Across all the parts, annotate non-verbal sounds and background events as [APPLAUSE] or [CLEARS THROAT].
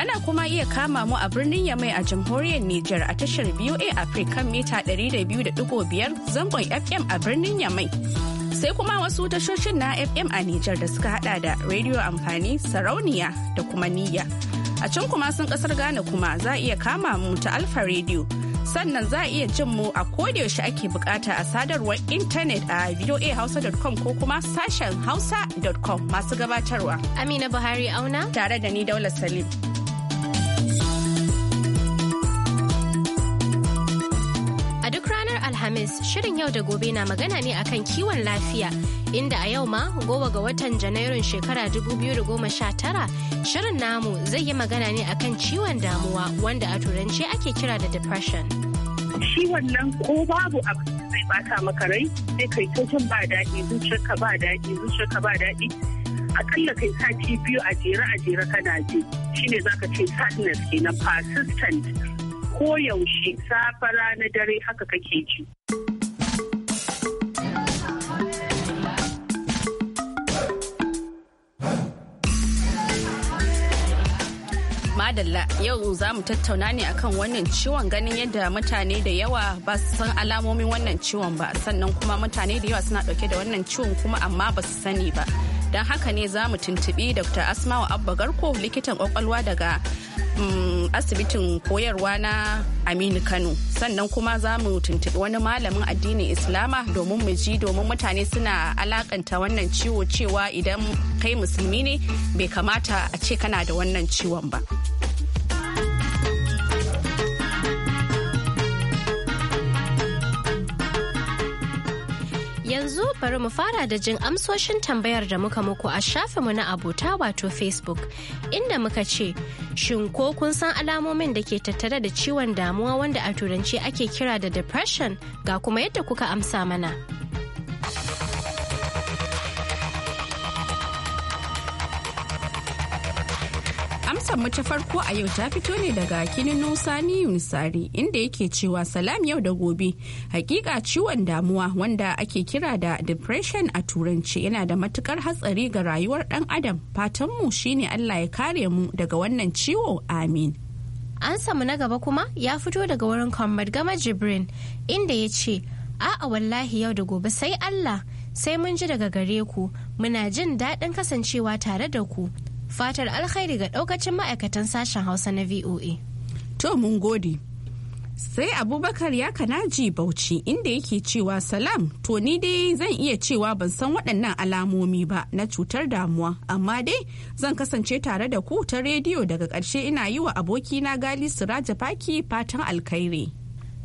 Ana kuma iya kama mu a birnin Yamai a jamhuriyar Nijar a tashar da Africa kan mita 200.5 zangon FM a birnin Yamai. Sai kuma wasu tashoshin na FM a Nijar da suka hada da Radio Amfani, Sarauniya da kuma Niyya. A can kuma sun kasar Ghana kuma za a iya kama mu ta Alfa Radio. sannan za a iya jin mu a kodayaushe ake bukata a sadarwar intanet a voahausa.com ko kuma sashen hausa.com masu gabatarwa. Amina Buhari auna tare da ni Daula Salim. Alhamis shirin yau da gobe na magana ne akan kiwon lafiya inda a yau ma goma ga watan Janairun shekara 2019 shirin namu zai yi magana ne akan ciwon damuwa wanda a turanci ake kira da depression. Shi wannan ko babu abu zai bata maka rai sai kai ta ba daɗi zuciyarka ba daɗi zuciyarka ba daɗi akalla kai sati biyu a jere a jere kana ji shine zaka ce sadness kenan persistent koyaushe safe rana dare haka kake ji. Madalla yau za mu tattauna ne akan wannan ciwon ganin yadda mutane da yawa ba su san alamomin wannan ciwon ba sannan kuma mutane da yawa suna dauke da wannan ciwon kuma amma ba su sani ba. Don haka ne za mu tuntubi Dr. Asmawa Abba Garko likitan kwakwalwa daga Mm, asibitin koyarwa na aminu kano sannan kuma za mu tuntuɓi wani malamin addinin islama domin mu ji domin mutane suna alakanta wannan ciwo cewa idan kai musulmi ne bai kamata a ce kana da wannan ciwon ba. yanzu bari mu fara da jin amsoshin tambayar da muka muku a mu na abota wato Facebook inda muka ce shin ko kun san alamomin da ke tattare da ciwon damuwa wanda a turanci ake kira da depression ga kuma yadda kuka amsa mana. mu ta farko a yau ta fito ne daga nusa sani unisari inda yake cewa salam yau da gobe hakika ciwon damuwa wanda ake kira da depression a turanci yana da matukar hatsari ga rayuwar dan adam fatan mu shine allah ya kare mu daga wannan ciwo amin an samu na gaba kuma ya fito daga wurin comrade gama jibrin inda ya ce a'a wallahi yau da gobe sai allah sai mun ji daga gare ku muna jin daɗin kasancewa tare da ku fatar alkhairi ga daukacin ma'aikatan sashen hausa na voa to mun gode sai abubakar ya kanaji bauchi inda yake cewa salam to ni dai zan iya cewa ban san waɗannan alamomi ba na cutar damuwa amma dai zan kasance tare da ku ta rediyo daga ƙarshe ina yi wa abokina gali siraja faki fatan alkhairi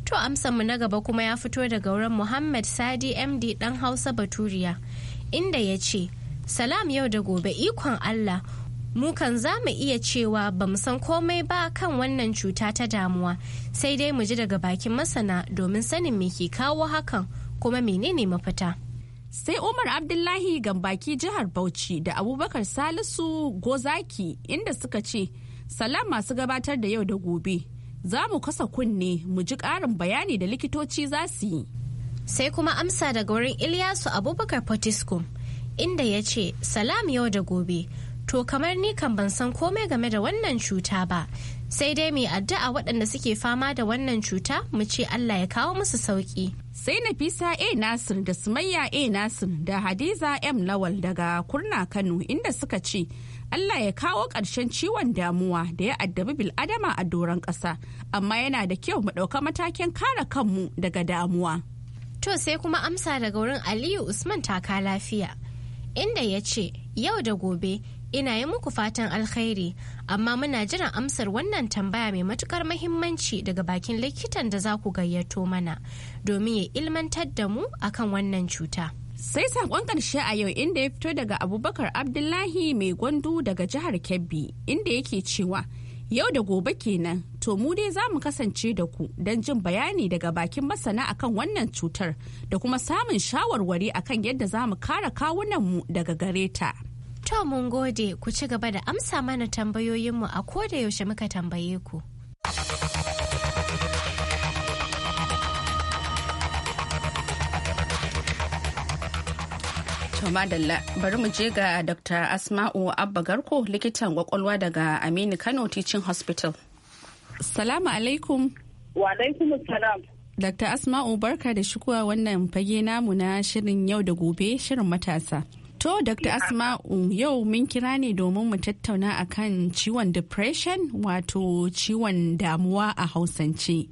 to mu na gaba kuma ya fito daga wurin muhammad sadi md dan hausa baturiya inda ya ce salam yau da gobe ikon allah mu kan za mu iya cewa ba mu san komai ba kan wannan cuta ta damuwa sai dai mu ji daga bakin masana domin sanin me ke kawo hakan kuma menene mafita sai umar abdullahi gambaki jihar bauchi da abubakar salisu gozaki inda suka ce salam masu gabatar da yau da gobe za mu kasa kunne mu ji ƙarin bayani da likitoci za su yi sai kuma amsa daga wurin iliyasu abubakar potiskum inda ya ce salam yau da gobe to kamar ni kan ban san komai game da wannan cuta ba sai dai mai addu'a waɗanda suke fama da wannan cuta mu ce Allah ya kawo musu sauki. Sai Nafisa A Nasir da Sumayya A Nasir da Hadiza M Lawal daga Kurna Kano inda suka ce Allah ya kawo ƙarshen ciwon damuwa da ya addabi bil'adama a doron ƙasa amma yana da kyau mu ɗauka matakin kare kanmu daga damuwa. To sai kuma amsa daga wurin Aliyu Usman taka lafiya inda ya ce yau da gobe ina yi muku fatan alkhairi amma muna jiran amsar wannan tambaya mai matukar mahimmanci daga bakin likitan da za ku gayyato mana domin ya ilmantar da mu akan wannan cuta. Sai sakon karshe a yau inda ya fito daga Abubakar Abdullahi mai gwandu daga jihar Kebbi inda yake cewa yau da gobe kenan to mu dai za mu kasance da ku don jin bayani daga bakin masana akan wannan cutar da kuma samun shawarwari akan yadda za mu kare mu daga gare ta. To mun gode ku ci gaba da amsa mana tambayoyinmu a koda yaushe muka tambaye ku. madalla bari mu je ga Dr. Asma'u Abba Garko likitan kwakwalwa daga Aminu Kano Teaching Hospital. Salamu alaikum. Wa alaikum salam. Dr. Asma'u barka da shigowa wannan fage namu na shirin yau da gobe shirin matasa. To, Dr. Asma'u yau mun kira ne domin mu tattauna akan ciwon depression wato ciwon damuwa a hausance.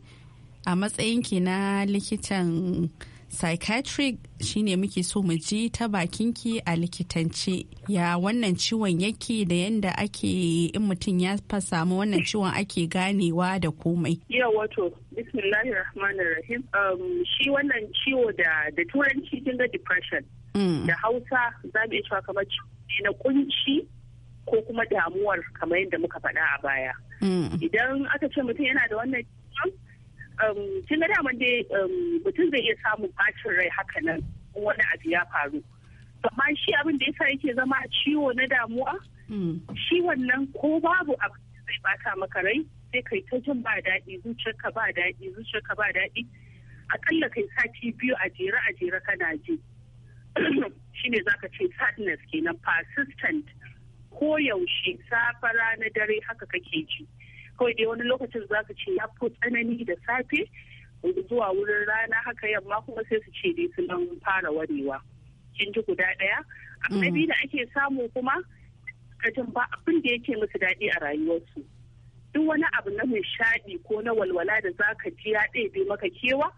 A matsayin ki na likitan psychiatric shine muke so mu ji ta bakinki a likitance ya wannan ciwon yake da yadda ake in mutum ya fa samu wannan ciwon ake ganewa da komai iya wato bismillahir rahmanir rahim um, shi wannan ciwo da da turanci kin ga depression Mm. da hausa za mu iya cewa kamar na kunci ko kuma damuwar kamar yadda muka faɗa a baya mm. idan aka ce mutum yana da wannan um, kin ga daman dai um, mutum zai iya samun bacin rai haka nan wani abu ya faru amma shi abin da sa yake zama ciwo na damuwa mm. shi wannan ko babu abu zai bata maka rai sai kai ta jin ba daɗi zuciyarka ba daɗi zuciyarka ba daɗi akalla kai sati biyu a jere a jere kana ji [CLEARS THROAT] shine zaka ce sadness kenan persistent ko yaushe safa rana dare haka kake ji kawai dai wani lokacin zaka ce ya fi tsanani da safe zuwa wurin rana haka yamma kuma sai su ce dai su fara warewa kin ji guda ɗaya amma biyu da ake samu kuma kajin ba abin da yake musu daɗi a rayuwarsu duk wani abu na nishaɗi ko na walwala da zaka ji ya ɗebe maka kewa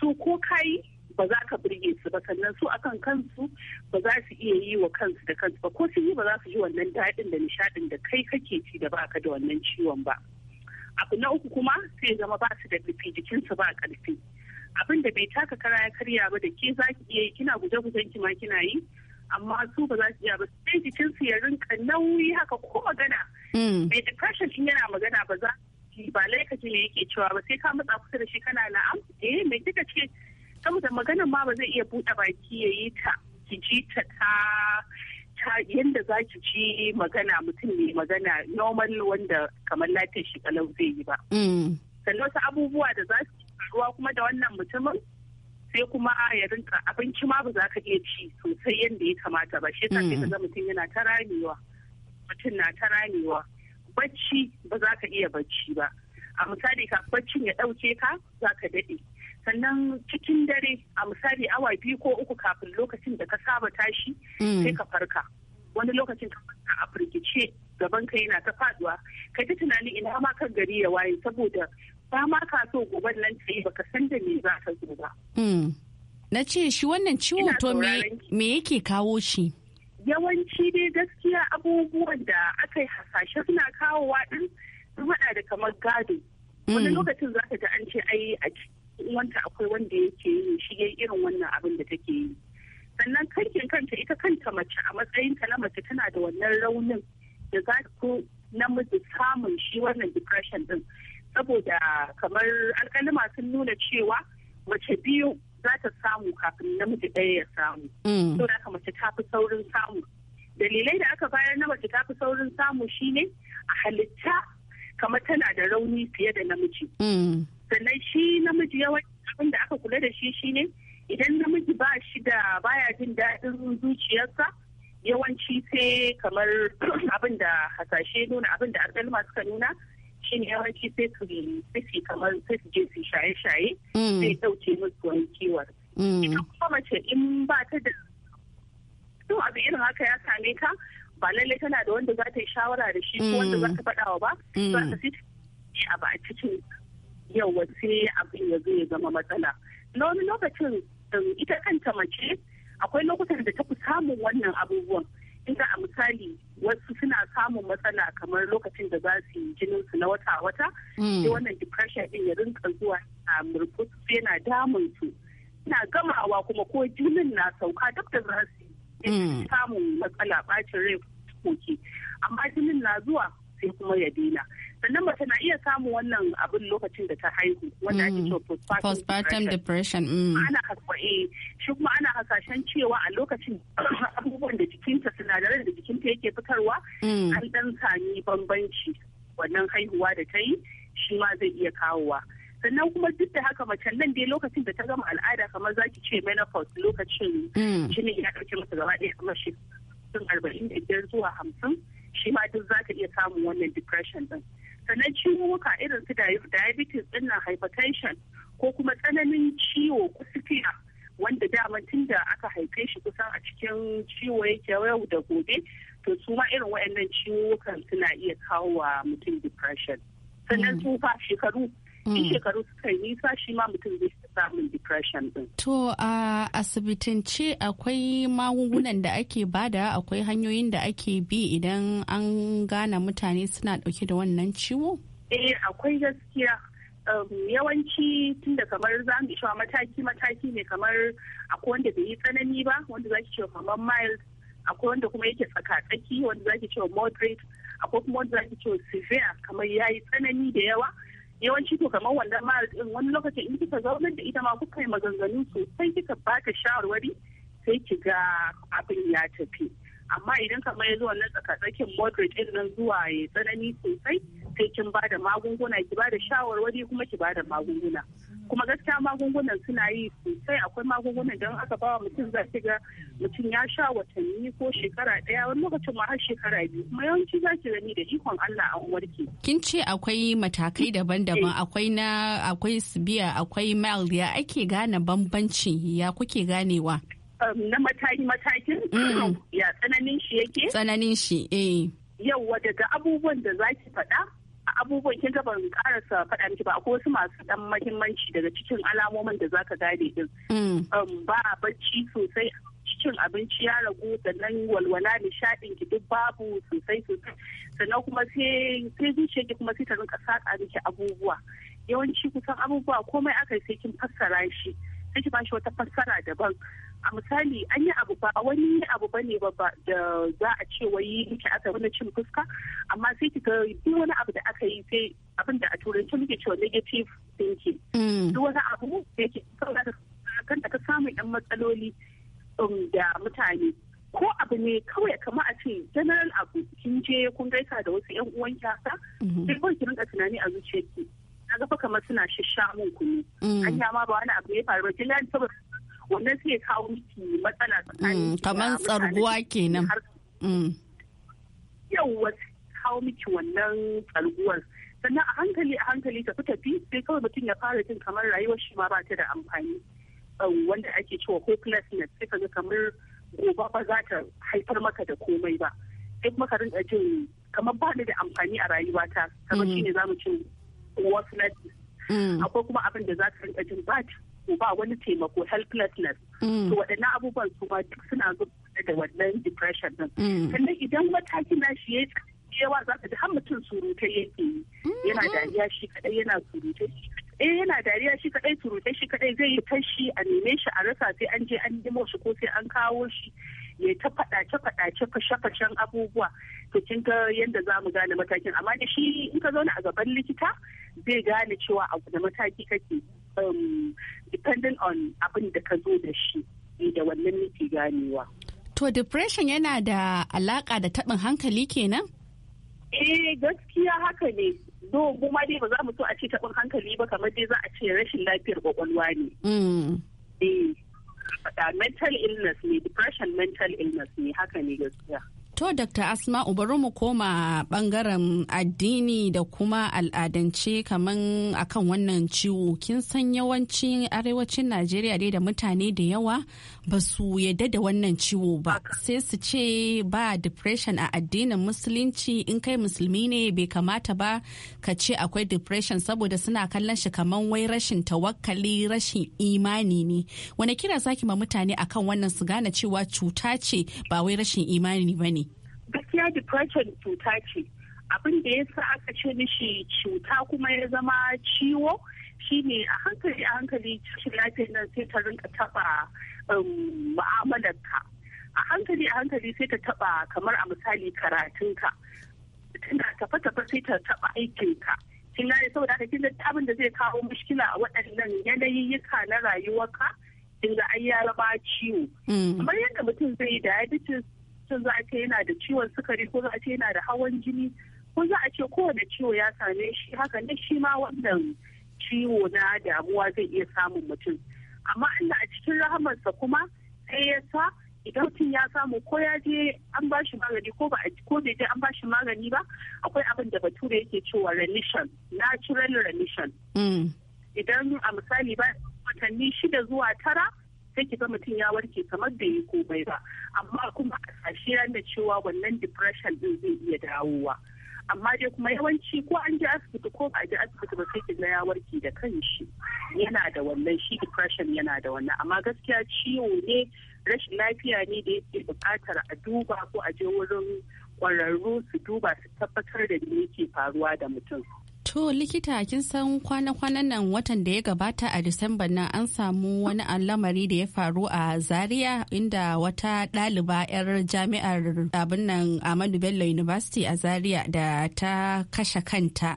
su ko kayi ba za ka burge su ba sannan su akan kansu ba za su iya yi wa kansu da kansu ba ko sun yi ba za su ji wannan daɗin da nishaɗin da kai kake ci da baka da wannan ciwon ba abu na uku kuma sai zama ba su da ƙarfi jikinsu ba ƙarfi abin da bai taka kara ya karya ba da ke za ki iya yi kina guje gujen ki ma kina yi amma su ba za su iya ba sai jikinsu ya rinka nauyi haka ko magana mm. mai depression in yana magana ba za ba laikaci ne yake cewa ba sai ka matsa kusa da shi kana na'am eh mai kika ce saboda magana ma ba zai iya buɗe baki ya yi ta ki ji ta ta yadda za ki ji magana mutum ne magana normal wanda kamar lafiyar shi kalau zai yi ba mm. sannan wasu abubuwa da za su faruwa kuma da wannan mutumin sai kuma a ya rinka abinci ma ba za ka iya ci sosai yadda ya kamata ba shi sai ka mm. mutum yana ta ramewa mutum na ta ramewa bacci ba za ka iya bacci ba a misali ka baccin ya ɗauke ka za ka daɗe sannan cikin dare a misali awa biyu ko uku kafin lokacin da ka saba tashi mm. sai ka farka wani lokacin ka farka a firgice gaban ka yana ta faduwa ka ji tunani ina ma kan gari ya waye saboda ba ma ka so gobe nan ta yi baka san da me za ka zo ba. Mm. na ce shi wannan ciwo to me yake kawo shi. yawanci dai gaskiya abubuwan da aka yi hasashe suna kawo waɗin sun haɗa da kamar gado wani mm. lokacin za ka ji an ce ai a uwanta akwai wanda yake yi shi ya irin wannan abin da take yi sannan kankin kanta ita kanta mace a matsayinta na mace tana da wannan raunin da za ku namiji samun shi wannan depression din saboda kamar alƙalima sun nuna cewa mace biyu za ta samu kafin namiji ɗaya ya samu. Mm. So da mace ta fi saurin samu. Dalilai da aka bayar na mace ta fi saurin samu shine a halitta kamar tana da rauni fiye da namiji. Mm. sannan shi namiji yawan abin da aka kula da shi shine idan namiji ba shi da baya jin daɗin zuciyarsa yawanci sai kamar [CLEARS THROAT] abin da hasashe nuna abin da alƙalma suka nuna shine yawanci sai su sai kamar sai su je su shaye-shaye mm. sai ɗauke musu wani kiwon. Mm. kuma mace in ba ta da to abu irin haka ya same ka ba lallai tana da wanda za ta yi shawara da shi ko wanda mm. za ta faɗawa ba za ta fi a ba a cikin yau sai abin ya zai zama matsala na wani lokacin um, ita kanta mace akwai lokutan da ta fi samun wannan abubuwan inda a misali wasu suna samun matsala kamar lokacin da za su yi jinin su na wata wata hmm. sai wannan depression din ya rinka zuwa a um, murkus yana damun su na gamawa kuma ko jinin na sauka duk da za su yi hmm. samun matsala ɓacin rai koke amma jinin na zuwa sai kuma ya daina sannan mace na iya samun wannan abin lokacin da ta haihu wanda ake mm. cewa postpartum depression mm. ana eh shi kuma ana hasashen cewa a lokacin [COUGHS] abubuwan da jikinta sinadaran da jikinta yake fitarwa mm. an dan sami bambanci wannan haihuwa da ta yi shi ma zai iya kawowa sannan kuma duk da haka mace nan dai lokacin da ta gama al'ada kamar za ki ce menopause lokacin jini ya ɗauke masa gaba ɗaya kamar shi arba'in da biyar zuwa hamsin shi ma duk za ka iya samun wannan depression din sannan ciwuka irin su diabetes din nan hypertension ko kuma tsananin ciwo ko sifiya wanda dama tun da aka haife shi kusan a cikin ciwo yake yau da gobe to su ma irin waɗannan ciwukan suna iya kawo wa mutum depression sannan mm. tsufa shekaru in mm. shekaru suka yi nisa shi ma mutum zai samun depression din. To a asibitance akwai magungunan da ake bada akwai hanyoyin da ake bi idan an gane mutane suna dauke da wannan ciwo? Eh akwai gaskiya um, yawanci tun da kamar za mu cewa mataki-mataki ne kamar akwai wanda bai yi tsanani ba wanda za ki cewa kamar mild akwai wanda kuma yake tsaka-tsaki wanda za ki cewa moderate akwai kuma wanda za ki cewa severe kamar ya yi tsanani da yawa yawanci to kamar wanda maris din wani lokacin in kika zaunar da ita ma kuka yi maganganu sosai kika baka shawarwari sai ki ga abin ya tafi amma idan kamar ya zo wannan tsakatsakin moderate din nan zuwa ya tsanani sosai kai kin ba da magunguna ki ba da shawarwari kuma ki ba da magunguna kuma gaskiya magungunan suna yi sosai akwai magungunan don aka bawa mutum za ga mutum ya sha watanni ko shekara daya wani lokacin ma har shekara biyu kuma yawanci za ki gani da ikon Allah an warke. Kin ce akwai matakai daban-daban eh. akwai na akwai sibiya akwai mild ya ake gane bambanci ya kuke ganewa. Um, na matakin matakin mm. ya tsananin shi yake? Tsananin shi eh. yau daga abubuwan da za ki faɗa abubuwan kin taba karasa faɗa miki ba akwai wasu masu dan mahimmanci daga cikin alamomin da zaka gane din mm. um, ba bacci sosai cikin abinci ya ragu sannan walwala nishaɗin ki duk babu sosai sosai sannan kuma sai zuciyar ki kuma sai ta rinka saka miki abubuwa yawanci kusan abubuwa komai aka yi sai kin fassara shi sai ki bashi wata fassara daban a misali an yi abu ba wani abu ba ne ba da za a ce wai yake aka wani cin fuska amma sai ki duk wani abu da aka yi sai abin da a turanci muke cewa negative thinking mm. duk wani abu da yake kan da ka samu yan matsaloli um, da mutane ko abu ne kawai kama a ce general abu kin je kun gaisa da wasu yan uwan kyasa mm-hmm. sai kawai ki rinka tunani a zuciyarki na ga kamar suna shishamun kunu mm. an ma ba wani abu ya faru ba kin saboda wannan sai kawo miki matsala mm, kamar tsarguwa kenan mm. yawwa kawo miki wannan tsarguwar sannan a hankali a hankali tafi tafi sai kawai mutum ya fara jin kamar rayuwar shi ma ba ta da amfani wanda ake cewa hopelessness sai ka ga kamar gobe ba za ta haifar maka da komai ba sai kuma ka rinka jin kamar ba da amfani a rayuwata kamar mm. shine mu ci worthless akwai kuma abin da za ka rinka jin ba Uba ba wani taimako helplessness mm. to waɗannan abubuwan su ma duk suna zuwa da wannan depression din mm. sannan idan matakin na shi yayi yawa za ka ji har mutum surutai yake yi mm-hmm. yana dariya shi kadai yana surutai shi eh yana dariya shi kadai surutai shi kadai zai yi tashi a neme shi a rasa sai an je an nemo shi ko sai an kawo shi ya ta faɗace faɗace fashe fashen abubuwa to kin ga yadda za mu gane matakin amma da shi in ka zauna a gaban likita zai gane cewa abu da mataki kake um, on abin da ka zo da shi da wannan nake ganewa. To depression yana da alaƙa da taɓin hankali kenan? Eh gaskiya haka ne. Do kuma dai ba za mu so a ce taɓin hankali ba kamar dai za a ce rashin lafiyar kwakwalwa ne. Mm. Eh mental illness ne depression mental illness ne haka ne gaskiya. To, Dr. Asma, bari mu koma bangaren addini da kuma al'adance kaman akan wannan ciwo. Kin san yawancin arewacin Najeriya dai da mutane da yawa ba su yadda da wannan ciwo ba. Sai su ce ba depression a addinin musulunci in kai musulmi ne bai kamata ba ka ce akwai depression saboda suna kallon shi kaman wai rashin tawakkali rashin imani ne. Wani kira zaki ma mutane akan wannan su gane cewa cuta ce ba wai rashin imani ba ne. gaskiya depression cuta ce abin da ya sa aka ce mishi cuta kuma ya zama ciwo shine a hankali a hankali cikin lafiyar nan sai ta rinka taba um, mu'amalarka a hankali a hankali sai ta taba kamar a misali karatunka tana tafa tafa sai ta taba aikinka kin gane saboda haka kin abin da zai kawo mushkila a waɗannan yanayiyyika na rayuwarka kin ga ai ciwo mm. kamar yadda mutum zai yi diabetes shin za a ce yana da ciwon sukari ko za a ce yana da hawan jini ko za a ce kowane ciwo ya same shi haka ne shi ma wannan ciwo na damuwa zai iya samun mutum amma Allah a cikin rahamarsa kuma sai ya sa idan mutum ya samu ko ya je an ba shi magani ko ba ko bai je an ba shi magani ba akwai abin da bature yake cewa remission natural remission mm. idan a misali ba watanni shida zuwa tara sai ki ga mutum ya warke kamar da ya komai ba amma kuma a sashe da cewa wannan depression din zai iya dawowa amma dai kuma yawanci ko an je asibiti ko ba a je asibiti ba sai ki ga ya warke da kanshi yana da wannan shi depression yana da wannan amma gaskiya ciwo ne rashin lafiya ne da yake buƙatar a duba ko a je wurin kwararru su duba su tabbatar da me yake faruwa da mutum To likita kin san kwana-kwanan nan watan da ya gabata a Disamba nan an samu wani al'amari da ya faru a Zaria inda wata ɗaliba 'yar jami'ar abin nan amadu Bello University a Zaria da ta kashe kanta.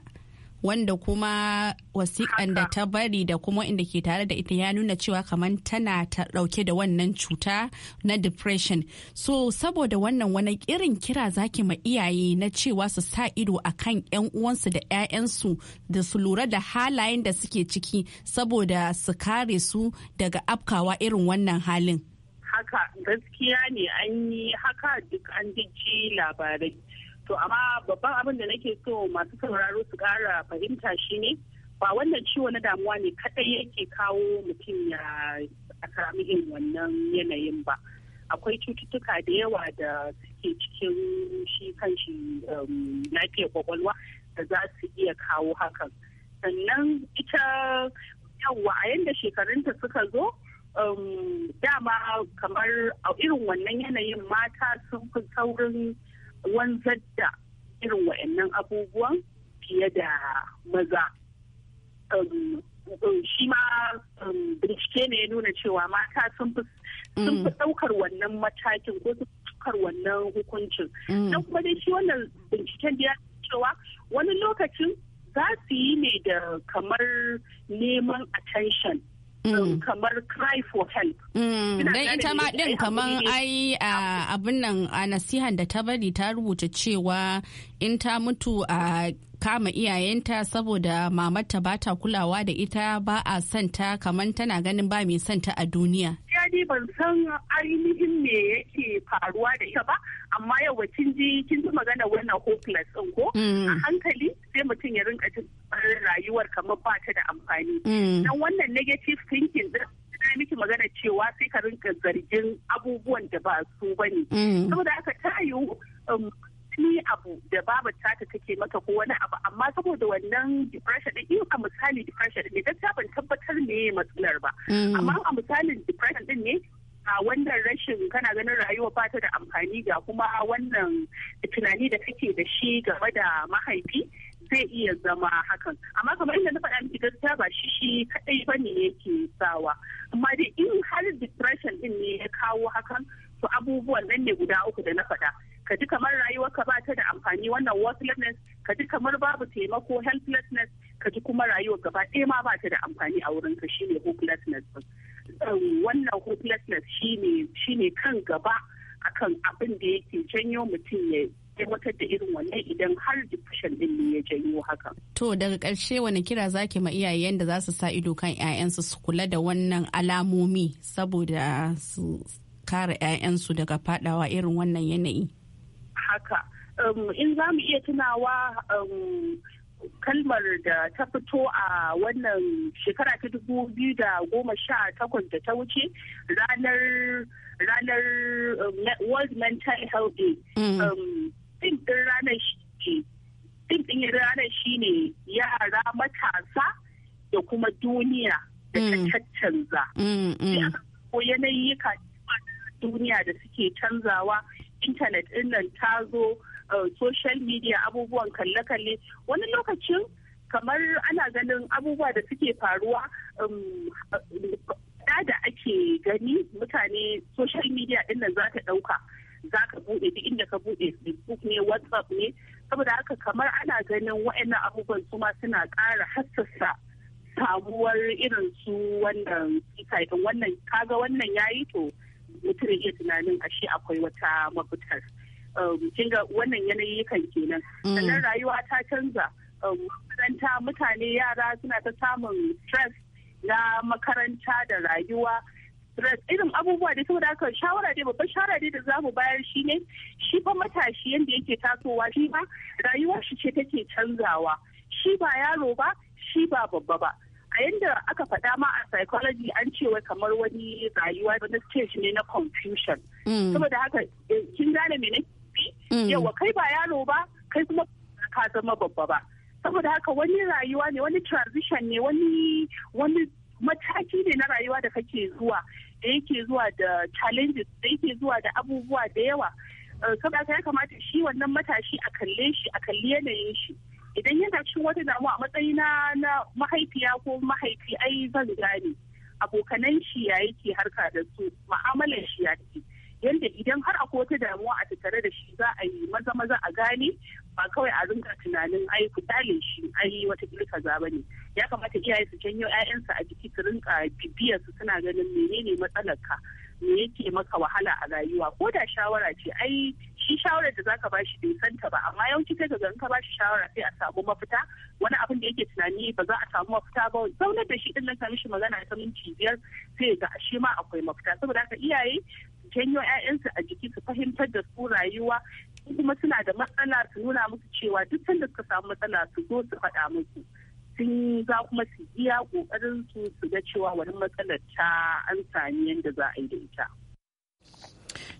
wanda kuma wasiƙan da ta bari da kuma inda ke tare da ita ya nuna cewa kamar tana ta ɗauke da wannan cuta na depression so saboda wannan wani irin kira zaki ma iyaye na cewa su sa ido a kan yan uwansu da 'ya'yansu da su lura da halayen da suke ciki saboda su kare su daga afkawa irin wannan halin haka gaskiya ne an yi haka duk an ji labarai to amma babban abin da nake so masu sauraro su kara fahimta shi ne ba wannan ciwo na damuwa ne kadai yake kawo mutum ya sami yin wannan yanayin ba akwai cututtuka da yawa da suke cikin shi kan shi um, lafiyar kwakwalwa da za su iya kawo hakan sannan ita yawa a yanda shekarunta suka zo um, dama kamar a irin wannan yanayin mata sun fi saurin wanzar da irin wa'annan abubuwan fiye da maza um, um, shi ma um, bincike ne ya nuna cewa mata sun fi mm. ɗaukar wannan matakin ko sun ɗaukar wannan hukuncin mm. don kuma dai shi wannan binciken da ya cewa wani lokacin za su yi ne da kamar neman attention Mm. kamar cry for help. Mm. Don ita ma din kamar ai abin nan a nasihan da ta bari ta rubuta cewa in ta mutu a kama iyayenta saboda mamata ba ta kulawa da ita ba a santa kamar tana ganin ba mai santa a duniya. ni ban san ainihin me yake faruwa da ita ba amma yau kin ji kin ji magana wannan hopeless din ko mm. a hankali sai mutum ya rinka jin kamar rayuwar kamar ba ta da amfani. Mm. Dan wannan negative thinking na miki magana cewa sai ka rinka zargin abubuwan da ba su ne. Mm. Saboda haka ta yiwu um, abu da babu tata take maka ko wani abu amma saboda wannan depression din in a misali depression ne ta ban tabbatar me matsalar ba mm. amma a misalin depression din ne a wannan rashin kana ganin rayuwa ba ta da amfani ga kuma wannan tunani da kake da shi game da mahaifi zai iya zama hakan amma kamar inda na faɗa miki gaskiya ba shi shi kaɗai ba ne yake sawa amma dai in har depression din ne ya kawo hakan to abubuwan nan ne guda uku da na faɗa ka ji kamar rayuwarka ba ta da amfani wannan worthlessness ka ji kamar babu taimako helplessness ka ji kuma rayuwar gaba ɗaya ma ba ta da amfani a wurinka shine hopelessness wannan hopelessness shine shine kan gaba akan abin da yake janyo mutum ya aiwatar da irin wannan idan har depression din ne ya janyo haka. To daga karshe wani kira zaki ma iyayen da za su sa ido kan 'ya'yansu su kula da wannan alamomi saboda su kare 'ya'yansu daga fadawa irin wannan yanayi. Haka um, in za mu iya tunawa um, kalmar da ta fito a wannan shekara ta dubu biyu da goma sha takwas da ta wuce ranar ranar um, World Mental Health Day. Mm. din din ranar shi din din ranar shi ne yara matasa da kuma duniya da ta canza. Ko yanayi duniya da suke canzawa intanet din nan ta zo uh, social media abubuwan kalle-kalle wani lokacin kamar ana ganin abubuwa da suke faruwa um, uh, da ake gani mutane social media din nan za ta ɗauka za ka buɗe duk inda ka buɗe facebook ne whatsapp ne saboda haka kamar ana ganin waɗannan abubuwan su ma suna ƙara hassasa samuwar irin su wannan ɗin wannan kaga wannan yayi to mutum iya tunanin ashe akwai wata mafitar um, kinga wannan yanayi kan kenan mm. sannan rayuwa ta canza um, makaranta mutane yara suna ta samun stress na makaranta da rayuwa stress irin abubuwa da saboda haka shawara dai babban shawara dai da zamu bayar shi ne shi fa matashi yanda yake tasowa shi ba rayuwar shi ce take canzawa shi ba yaro ba shi ba babba ba a yadda aka faɗa ma a psychology an ce wai kamar wani rayuwa wani stage ne na confusion mm. saboda haka eh, kin gane me ne mm. yawa kai ba yaro ba kai kuma ka zama babba ba saboda haka wani rayuwa ne wani transition ne wani wani mataki ne na rayuwa da kake zuwa da yake zuwa da challenges da yake zuwa da abubuwa da yawa eh, saboda ya kamata shi wannan matashi a kalle shi a kalli yanayin shi idan yana cikin wata damuwa a matsayi na mahaifiya ko mahaifi ai zan gane abokanan shi ya yake harka da su ma'amalar shi ya yake yadda idan har akwai wata damuwa a tattare da shi za a yi maza maza a gane ba kawai a rinka tunanin ai ku dale shi ai wata kaza ba ne ya kamata iyaye su janyo 'ya'yansu a jiki su rinka bibiyar su suna ganin menene matsalar ka me yake maka wahala a rayuwa ko da shawara ce ai shi shawarar da zaka bashi bai san ta ba amma yawanci kai ga ka bashi shawara sai a samu mafita wani abin da yake tunani ba za a samu mafita ba zaunar da shi din nan ka mishi magana ta minti biyar sai ga shi ma akwai mafita saboda haka iyaye janyo 'ya'yansu a jiki su fahimtar da su rayuwa kuma suna da matsala su nuna musu cewa duk sanda suka samu matsala su zo su faɗa musu sun za kuma su iya ƙoƙarin su su ga cewa wani matsalar ta an sami yadda za a yi da ita.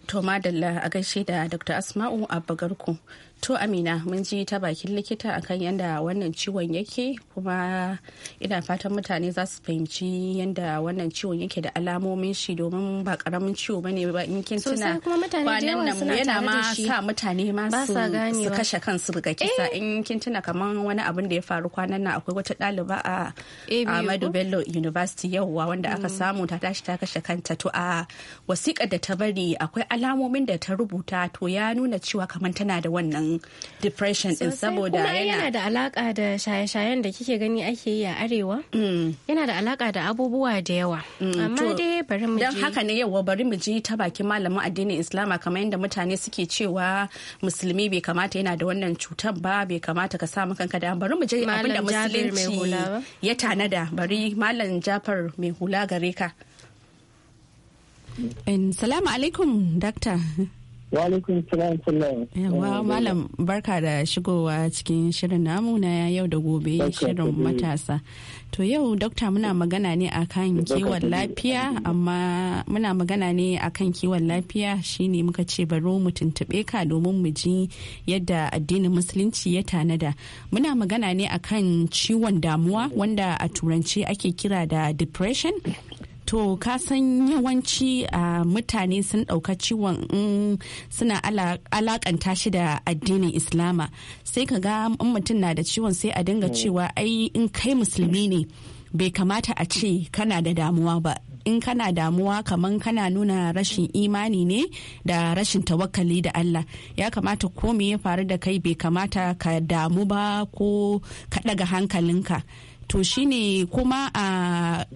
To Madalla a gaishe da Dr. Asma'u Abbagarku. To Amina mun ji ta bakin likita akan yadda wannan ciwon yake kuma ina fatan mutane za su fahimci yadda wannan ciwon yake da alamomin shi domin ba karamin ciwo bane ba in kin tuna kwanan nan yana ma sa mutane ma su kashe kansu daga kisa eh. in kin tuna kaman wani abin da ya faru kwanan nan akwai wata ɗaliba a Ahmadu Bello University yauwa wanda aka mm. samu ta tashi ta kashe kanta to a wasiƙar da ta bari akwai alamomin da ta rubuta to ya nuna cewa kaman tana da wannan depression din saboda yana da alaka da shaye-shayen da kike gani ake yi a arewa mm. yana da alaka da abubuwa da yawa mm, amma dai bari mu dan haka ne yawa bari mu ji ta bakin malamin addinin islama kamar yadda mutane suke cewa musulmi bai kamata yana da wannan cutar ba bai kamata ka samu kanka da bari mu je abinda musulunci ya tanada bari malam jafar mai hula gare ka mm, salamu alaikum dakta Yawa eh, Malam barka da shigowa cikin shirin namu na yau da gobe shirin matasa. To yau dokta muna magana ne akan kiwon lafiya amma muna magana ne akan kiwon lafiya shine muka ce baro mu tuntube ka domin mu ji yadda addinin musulunci ya tanada. Muna magana ne akan ciwon damuwa wanda a turanci ake kira da depression. to ka san yawanci a mutane sun ɗauka ciwon suna alakanta shi da addinin islama sai ka ga in mutum na da ciwon sai a dinga mm. cewa ai in kai musulmi ne bai kamata a ce kana da damuwa ba in kana damuwa kamar kana nuna rashin imani ne da rashin tawakkali da Allah ya kamata ko me ya faru da kai bai kamata ka damu ba ko ka daga hankalinka to shine kuma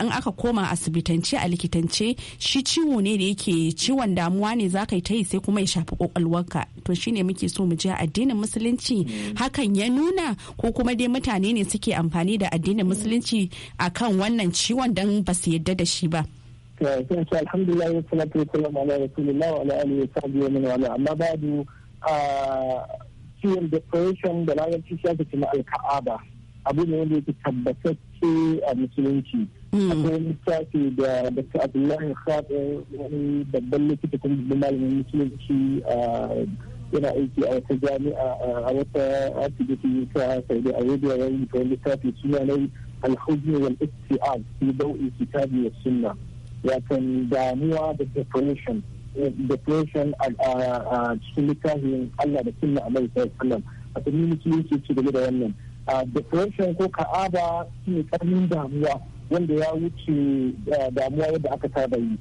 in aka koma asibitance a likitance shi ciwo ne da yake ciwon damuwa ne za ka yi ta yi sai kuma ya shafi kwakwalwarka to shine muke so mu je addinin musulunci mm. hakan ya nuna ko kuma dai mutane ne suke amfani da addinin musulunci akan wannan ciwon don ba su yadda da shi ba ciwon depression da larabci shi ake cewa alka'aba abu ne wanda yake tabbatacce a musulunci hmm. akwai littafi da dr abdullahi khaɗe wani babban likita kuma babban malamin musulunci yana aiki a wata jami'a a wata asibiti ta saudi arabia ya yi kawai littafi suna na alhuzni wal istiab fi dau'i kitabi wa sunna kan damuwa da depression depression a cikin littafin allah da sunna a mai sallam a tsanin musulunci ci game da wannan depression ko ka'aba shine karnin damuwa wanda ya wuce eh, damuwa yadda aka saba yi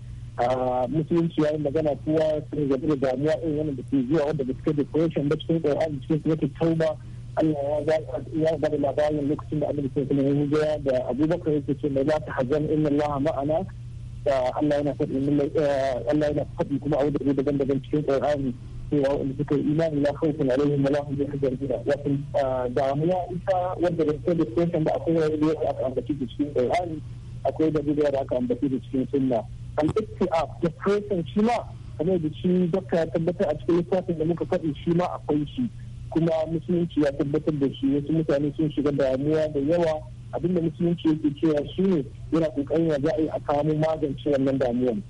musulunci ya yi magana kowa sun gabi da damuwa irin wannan da ke zuwa wanda ba ka depression ba cikin ƙwararri cikin yake tauba Allah ya ba da labarin lokacin da annabi sallallahu alaihi da Abubakar yake ce mai za ta hazan inna Allah ma'ana Allah yana faɗi eh, Allah yana faɗi kuma a wajen daban daban cikin Qur'ani cewa wanda suka yi imani la khawfun alaihim wa la hum yahzanuna wato eh, damuwa ita wanda da take da tsoron da akwai wani da aka ambaci da cikin Qur'ani akwai da da aka ambaci da cikin sunna al ittiaf da tsoron shi ma kamar da shi dokta ya tabbatar a cikin littafin da muka faɗi shi ma akwai shi kuma musulunci ya tabbatar da shi wasu mutane sun shiga damuwa da yawa Abinda da musulunci yake cewa shi ne yana kokarin ya za a yi a kawo magance wannan damuwan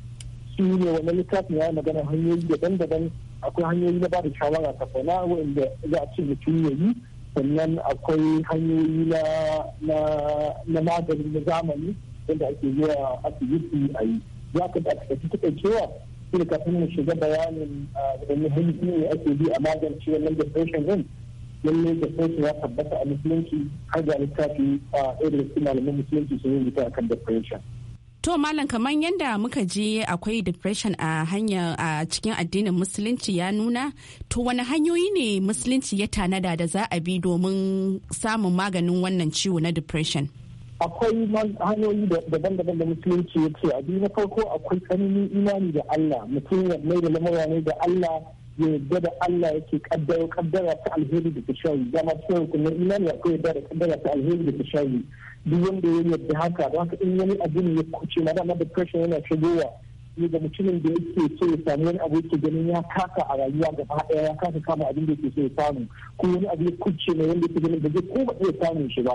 shi ne wani littafin ya magana hanyoyi daban-daban akwai hanyoyi na bada shawara ta kwana wanda za a ce mutum ya yi sannan akwai hanyoyi na magani na zamani wanda ake zuwa asibiti a yi za ka da aka tuka cewa shi kafin mu shiga bayanin da ah, hanyoyi ne ake bi a magance wannan depression din lallai da sai ya tabbata a musulunci har da littafi a irin su malaman musulunci sun yi a akan depression To malam kamar yadda muka je akwai depression a hanya a cikin addinin musulunci ya nuna to wani hanyoyi ne musulunci ya tanada da za a bi domin samun maganin wannan ciwo na depression. Akwai hanyoyi daban-daban da musulunci ya ce a biyu na farko akwai tsananin imani da Allah mutum ya mai da lamura ne da Allah yadda da Allah yake kaddaro kaddara ta alheri da ta dama zama cikin hukumar imani ya yadda da kaddara ta alheri da ta duk wanda ya yadda haka don haka in wani abu ne ya kuce ma dama depression yana shigowa ne ga mutumin da yake so ya samu wani abu yake ganin ya kasa a rayuwa gaba daya ya kasa kama abin da yake so ya samu ko wani abu ya kuce mai wanda yake ganin ba zai ko ba iya samun shi ba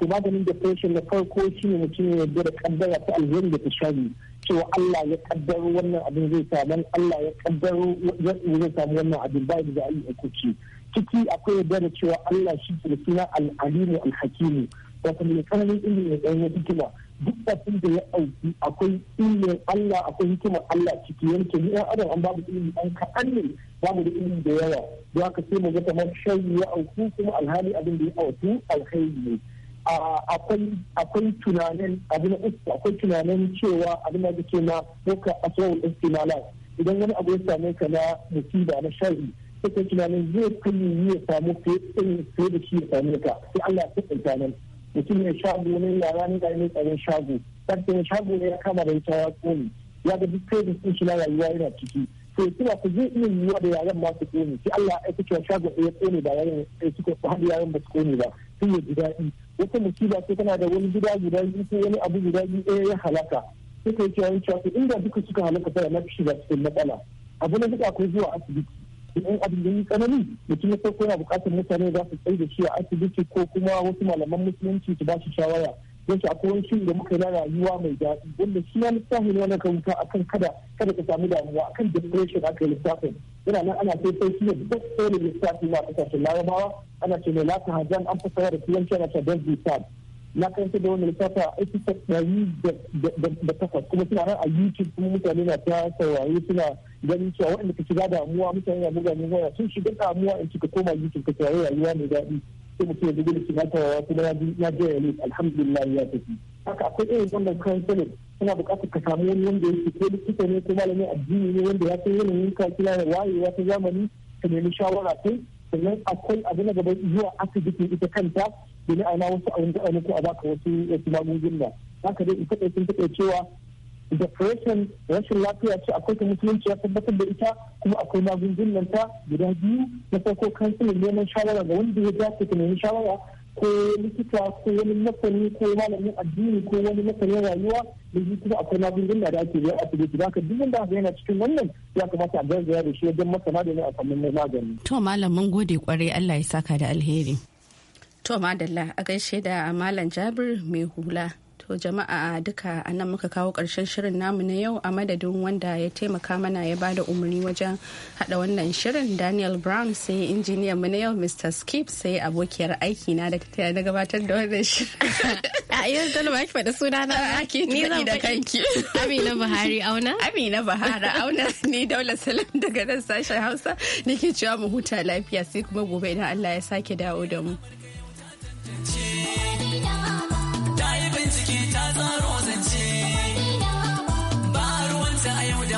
to maganin depression na farko shine mutum ya yarda da kaddara ta alheri da ta shari cewa Allah ya kaddaro wannan abin zai samu Allah ya kaddaro zai samu wannan abin ba da za a yi ciki akwai yarda da cewa Allah shi ke da suna al-alimu al-hakimu wato mai tsananin ilimi mai tsananin hikima duk abin da ya auki akwai ilimin Allah akwai hikimar Allah ciki yanke ni ɗan adam an babu ilimi an ka ne babu da ilimi da yawa don haka sai mu ga kamar shayi ya auku kuma alhali abin da ya auku alkhairi ne akwai tunanin abu akwai tunanin cewa abin da ke na boka asawul istimala idan wani abu ya same ka na musiba na shari sai tunanin zai kulli ya samu fiye da shi ya same ka sai Allah ya tsanta nan mutum ya shago ne ya rani da ne tsarin shago sarki ne shago ne ya kama da ita ya tsoni ya ga duk kai da sun shi na rayuwa yana ciki to suna ku zai iya yiwuwa da yaran masu tsoni sai Allah ya aika shago ya tsoni da yaran suka haɗu yaran ba su tsoni ba sun yi daɗi wata musiba sai tana da wani gida guda biyu ko wani abu guda biyu ɗaya ya halaka sai kai cewa cewa inda duka suka halaka fara na fi shiga cikin matsala abu na duka akwai zuwa asibiti in abin da yi tsanani mutum ko farko yana buƙatar mutane za su tsaye da shi a asibiti ko kuma wasu malaman musulunci su ba shi shawara yake akwai wani shi da muka yi rayuwa mai daɗi wanda shi ya lissafi ne wani wuta akan kada kada ka sami damuwa akan depression aka yi lissafin yana nan ana sai sai shi ne duk sai lissafin na kasashen larabawa ana ce mai lata hajjan an fasa da turanci ana ta don lissafi na kanta da wani lissafin a ta ɗari da takwas kuma suna nan a youtube kuma mutane na ta saurari suna ganin cewa waɗanda ka shiga damuwa mutane na buga ne waya sun shiga damuwa in cika koma youtube ka saurari rayuwa mai daɗi sai mutum ya zubi liki mata ya kuma ya je ya ne alhamdulillah ya tafi haka akwai irin wannan kan sanin suna buƙatar ka samu wani wanda yake ko likita ne ko malamin addini ne wanda ya san yanayin ka kila da wayewa ta zamani ka nemi shawara kai sannan akwai abu na gaba zuwa asibitin ita kanta domin a na wasu a wani ko a baka wasu wasu magunguna haka dai ita ɗaya sun taɓa cewa da depression rashin lafiya ce akwai ta musulunci ya tabbatar da ita kuma akwai magungunan ta guda biyu na farko kansilin neman shawara ga wanda ya dace ta nemi shawara ko likita ko wani masani ko malamin addini ko wani masanin rayuwa da shi kuma akwai magungunan da ake biya asibiti da haka duk wanda yana cikin wannan ya kamata a garzaya da shi wajen masana da ne a samun magani. to malamin gode kwarai allah ya saka da alheri. to madalla a gaishe da malam jabir mai hula. To jama'a duka a nan muka kawo ƙarshen shirin namu na yau a madadin wanda ya taimaka mana ya bada umarni wajen hada wannan shirin Daniel Brown sai injiniyan mu na yau Mr. Skip sai abokiyar aiki na da ta na gabatar da wannan shirin. [LAUGHS] A yau zan ba ki faɗa suna na [LAUGHS] ake ni da kanki. [LAUGHS] Amina Buhari auna. Amina Buhari auna ni Daula Salam daga nan sashen Hausa nake cewa mu huta lafiya sai kuma gobe idan Allah ya sake dawo da mu.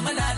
mana